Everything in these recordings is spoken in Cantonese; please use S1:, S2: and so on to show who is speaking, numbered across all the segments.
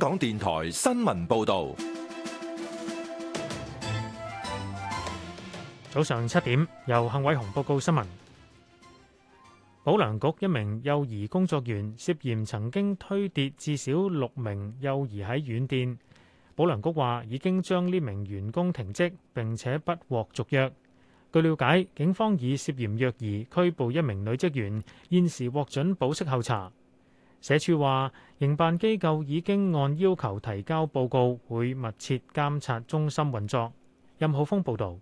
S1: 香港電台新聞報道，
S2: 早上七點，由幸偉雄報告新聞。保良局一名幼兒工作員涉嫌曾經推跌至少六名幼兒喺院店，保良局話已經將呢名員工停職，並且不獲續約。據了解，警方以涉嫌虐兒拘捕一名女職員，現時獲准保釋候查。社署話，營辦機構已經按要求
S3: 提交報告，會密切監察中心運作。任浩峰報道。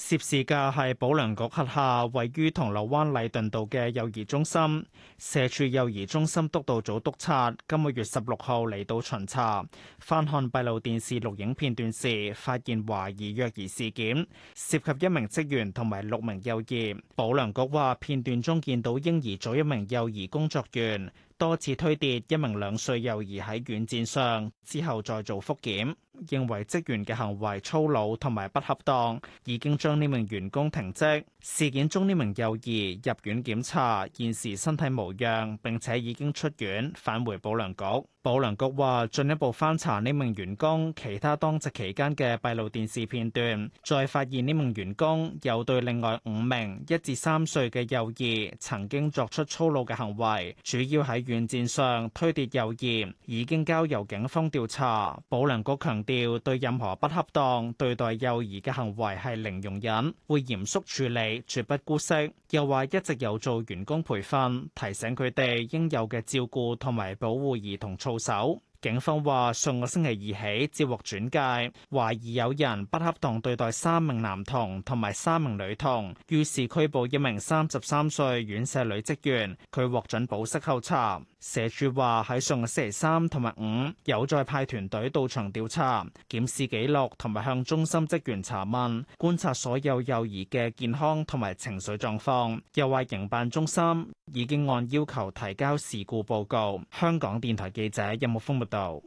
S3: 涉事嘅係保良局轄下位於銅鑼灣禮頓道嘅幼兒中心，社署幼兒中心督導組督察今個月十六號嚟到巡查，翻看閉路電視錄影片段時，發現懷疑虐兒事件，涉及一名職員同埋六名幼兒。保良局話，片段中見到嬰兒組一名幼兒工作員多次推跌一名兩歲幼兒喺軟墊上，之後再做複檢。認為職員嘅行為粗魯同埋不恰當，已經將呢名員工停職。事件中呢名幼兒入院檢查，現時身體無恙，並且已經出院返回保良局。保良局話進一步翻查呢名員工其他當值期間嘅閉路電視片段，再發現呢名員工又對另外五名一至三歲嘅幼兒曾經作出粗魯嘅行為，主要喺軟墊上推跌幼兒，已經交由警方調查。保良局強調對任何不恰當對待幼兒嘅行為係零容忍，會嚴肅處理。絕不姑息，又話一直有做員工培訓，提醒佢哋應有嘅照顧同埋保護兒童操守。警方話上個星期二起接獲轉介，懷疑有人不恰當對待三名男童同埋三名女童，於是拘捕一名三十三歲院舍女職員，佢獲准保釋候查。社署話喺上個星期三同埋五，有再派團隊到場調查、檢視記錄，同埋向中心職員查問，觀察所有幼兒嘅健康同埋情緒狀況。又話營辦中心已經按要求提交事故報告。香港電台記者任木峰報道。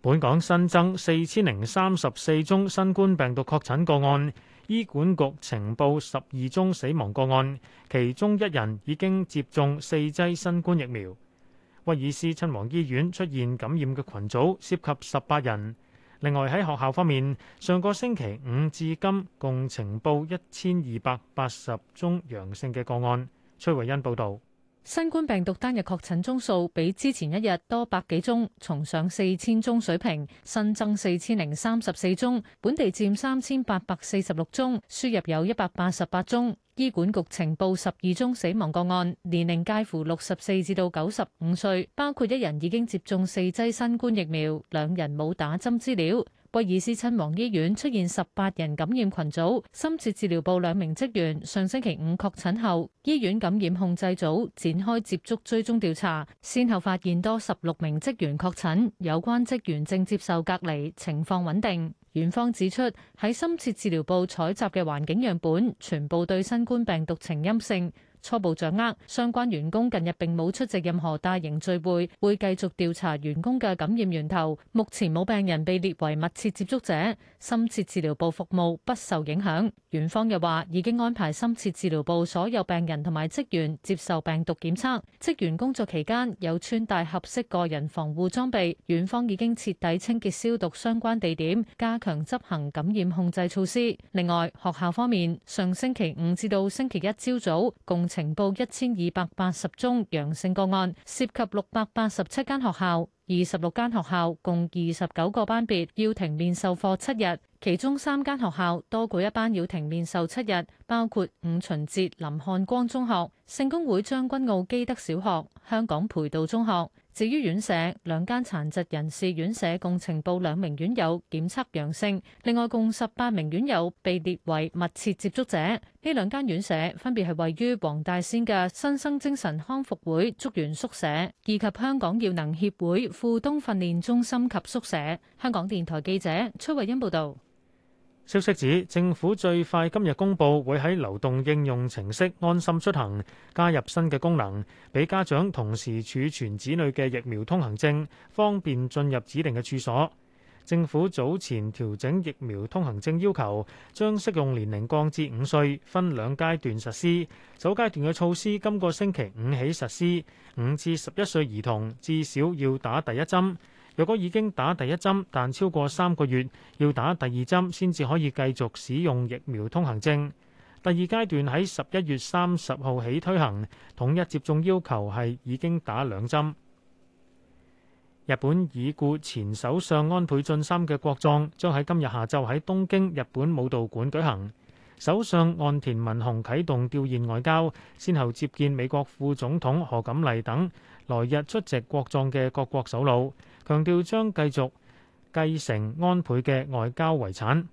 S2: 本港新增四千零三十四宗新冠病毒確診個案，醫管局呈報十二宗死亡個案，其中一人已經接種四劑新冠疫苗。威爾斯親王醫院出現感染嘅群組涉及十八人。另外喺學校方面，上個星期五至今共呈報一千二百八十宗陽性嘅個案。崔慧恩報道。
S4: 新冠病毒單日確診宗數比之前一日多百幾宗，重上四千宗水平，新增四千零三十四宗，本地佔三千八百四十六宗，輸入有一百八十八宗。醫管局呈報十二宗死亡個案，年齡介乎六十四至到九十五歲，包括一人已經接種四劑新冠疫苗，兩人冇打針資料。威爾斯親王醫院出現十八人感染群組，深切治療部兩名職員上星期五確診後，醫院感染控制組展開接觸追蹤調查，先後發現多十六名職員確診，有關職員正接受隔離，情況穩定。院方指出，喺深切治療部採集嘅環境樣本全部對新冠病毒呈陰性。初步掌握相關員工近日並冇出席任何大型聚會，會繼續調查員工嘅感染源頭。目前冇病人被列為密切接觸者，深切治療部服務不受影響。院方又話已經安排深切治療部所有病人同埋職員接受病毒檢測，職員工作期間有穿戴合適個人防護裝備。院方已經徹底清潔消毒相關地點，加強執行感染控制措施。另外，學校方面，上星期五至到星期一朝早共呈報一千二百八十宗陽性個案，涉及六百八十七間學校，二十六間學校共二十九個班別要停面授課七日，其中三間學校多過一班要停面授七日，包括五旬節林漢光中學、聖公會將軍澳基德小學、香港培道中學。至於院舍，兩間殘疾人士院舍共呈報兩名院友檢測陽性，另外共十八名院友被列為密切接觸者。呢兩間院舍分別係位於黃大仙嘅新生精神康復會竹園宿舍，以及香港耀能協會富東訓練中心及宿舍。香港電台記者崔慧欣報道。
S2: 消息指，政府最快今日公布，會喺流動應用程式安心出行加入新嘅功能，俾家長同時儲存子女嘅疫苗通行證，方便進入指定嘅處所。政府早前調整疫苗通行證要求，將適用年齡降至五歲，分兩階段實施。首階段嘅措施今個星期五起實施，五至十一歲兒童至少要打第一針。若果已經打第一針，但超過三個月要打第二針，先至可以繼續使用疫苗通行證。第二階段喺十一月三十號起推行，統一接種要求係已經打兩針。日本已故前首相安倍晉三嘅國葬將喺今日下晝喺東京日本武道館舉行。首相岸田文雄啟動調研外交，先後接見美國副總統賀錦麗等。來日出席國葬，嘅各國首腦強調將繼續繼承安倍嘅外交遺產。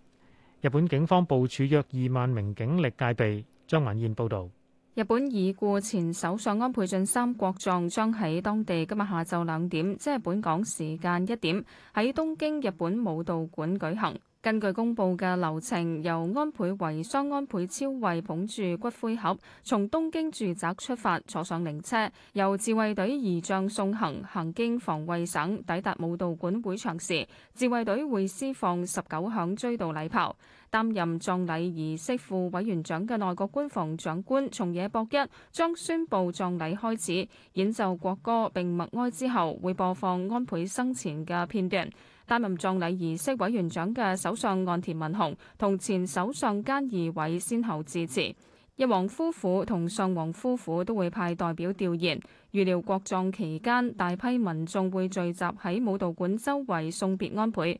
S2: 日本警方部署約二萬名警力戒備。張文燕報道：
S5: 日本已故前首相安倍晉三國葬將喺當地今日下晝兩點，即係本港時間一點，喺東京日本武道館舉行。根據公佈嘅流程，由安倍遺孀安倍昭惠捧住骨灰盒，從東京住宅出發，坐上靈車，由自衛隊儀仗送行，行經防衛省，抵達武道館會場時，自衛隊會施放十九響追悼禮炮。擔任葬禮儀式副委員長嘅內閣官房長官松野博一將宣布葬禮開始，演奏國歌並默哀之後，會播放安倍生前嘅片段。擔任葬禮儀式委員長嘅首相岸田文雄同前首相菅義偉先後致辭，日王夫婦同上皇夫婦都會派代表悼研。預料國葬期間，大批民眾會聚集喺武道館周圍送別安倍。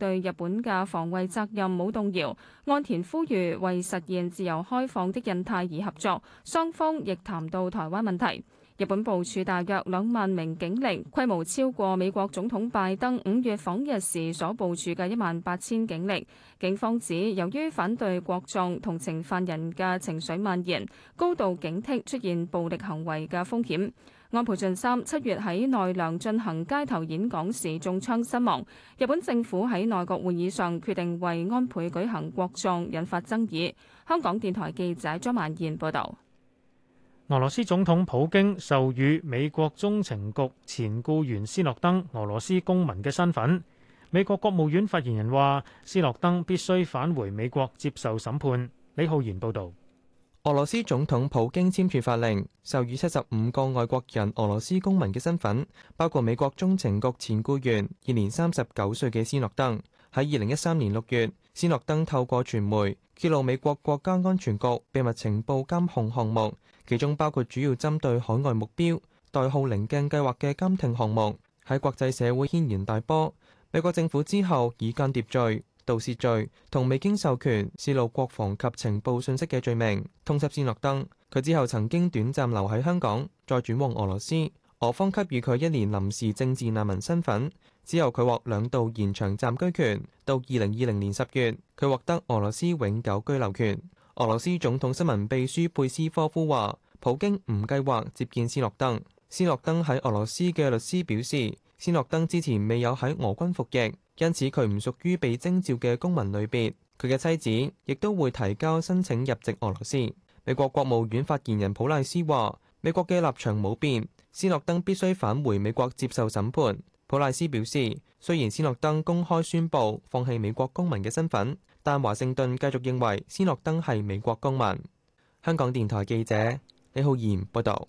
S5: 對日本嘅防衛責任冇動搖，岸田呼籲為實現自由開放的印太而合作。雙方亦談到台灣問題。日本部署大約兩萬名警力，規模超過美國總統拜登五月訪日時所部署嘅一萬八千警力。警方指，由於反對國葬同情犯人嘅情緒蔓延，高度警惕出現暴力行為嘅風險。安倍晉三七月喺奈良進行街頭演講時中槍身亡。日本政府喺內閣會議上決定為安倍舉行國葬，引發爭議，香港電台記者張曼燕報道。
S2: 俄羅斯總統普京授予美國中情局前僱員斯諾登俄羅斯公民嘅身份。美國國務院發言人話斯諾登必須返回美國接受審判。
S1: 李浩然報道。俄羅斯總統普京簽署法令，授予七十五個外國人俄羅斯公民嘅身份，包括美國中情局前僱員、現年三十九歲嘅斯諾登。喺二零一三年六月，斯諾登透過傳媒揭露美國國家安全局秘密情報監控項目，其中包括主要針對海外目標、代號棱鏡計劃嘅監聽項目，喺國際社會軒然大波。美國政府之後以間諜罪。盜竊罪同未經授權泄露國防及情報信息嘅罪名。通緝斯諾登。佢之後曾經短暫留喺香港，再轉往俄羅斯。俄方給予佢一年臨時政治難民身份，之後佢獲兩度延長暫居權，到二零二零年十月，佢獲得俄羅斯永久居留權。俄羅斯總統新聞秘書佩斯科夫話：普京唔計劃接見斯諾登。斯諾登喺俄羅斯嘅律師表示。斯諾登之前未有喺俄軍服役，因此佢唔屬於被徵召嘅公民類別，佢嘅妻子亦都會提交申請入籍俄羅斯。美國國務院發言人普賴斯話：美國嘅立場冇變，斯諾登必須返回美國接受審判。普賴斯表示，雖然斯諾登公開宣佈放棄美國公民嘅身份，但華盛頓繼續認為斯諾登係美國公民。香港電台記者李浩然報道。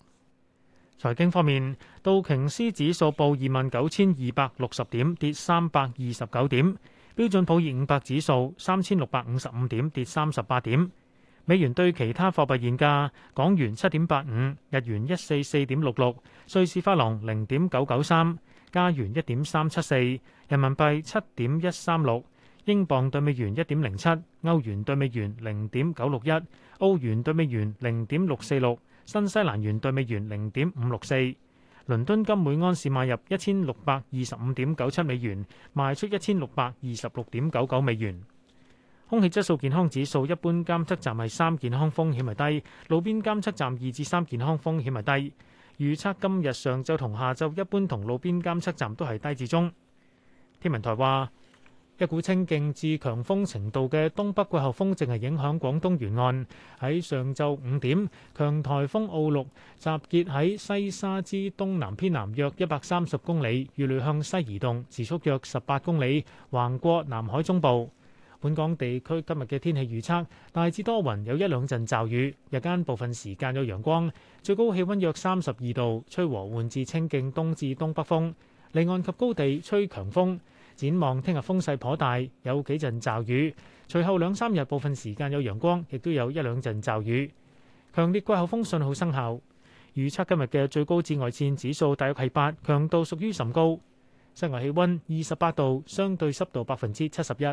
S2: 財經方面，道瓊斯指數報二萬九千二百六十點，跌三百二十九點；標準普爾五百指數三千六百五十五點，跌三十八點。美元對其他貨幣現價：港元七點八五，日元一四四點六六，瑞士法郎零點九九三，加元一點三七四，人民幣七點一三六，英鎊對美元一點零七，歐元對美元零點九六一，澳元對美元零點六四六。新西蘭元兌美元零點五六四，倫敦金每安士買入一千六百二十五點九七美元，賣出一千六百二十六點九九美元。空氣質素健康指數一般監測站係三，健康風險係低，路邊監測站二至三，健康風險係低。預測今日上晝同下晝一般同路邊監測站都係低至中。天文台話。一股清勁至強風程度嘅東北季候風正係影響廣東沿岸。喺上晝五點，強颱風奧鹿集結喺西沙之東南偏南約一百三十公里，預料向西移動，時速約十八公里，橫過南海中部。本港地區今日嘅天氣預測大致多雲，有一兩陣驟雨，日間部分時間有陽光，最高氣温約三十二度，吹和緩至清勁東至東北風，離岸及高地吹強風。展望聽日風勢頗大，有幾陣驟雨。隨後兩三日部分時間有陽光，亦都有一兩陣驟雨。強烈季候風信號生效。預測今日嘅最高紫外線指數大約係八，強度屬於甚高。室外氣温二十八度，相對濕度百分之七十一。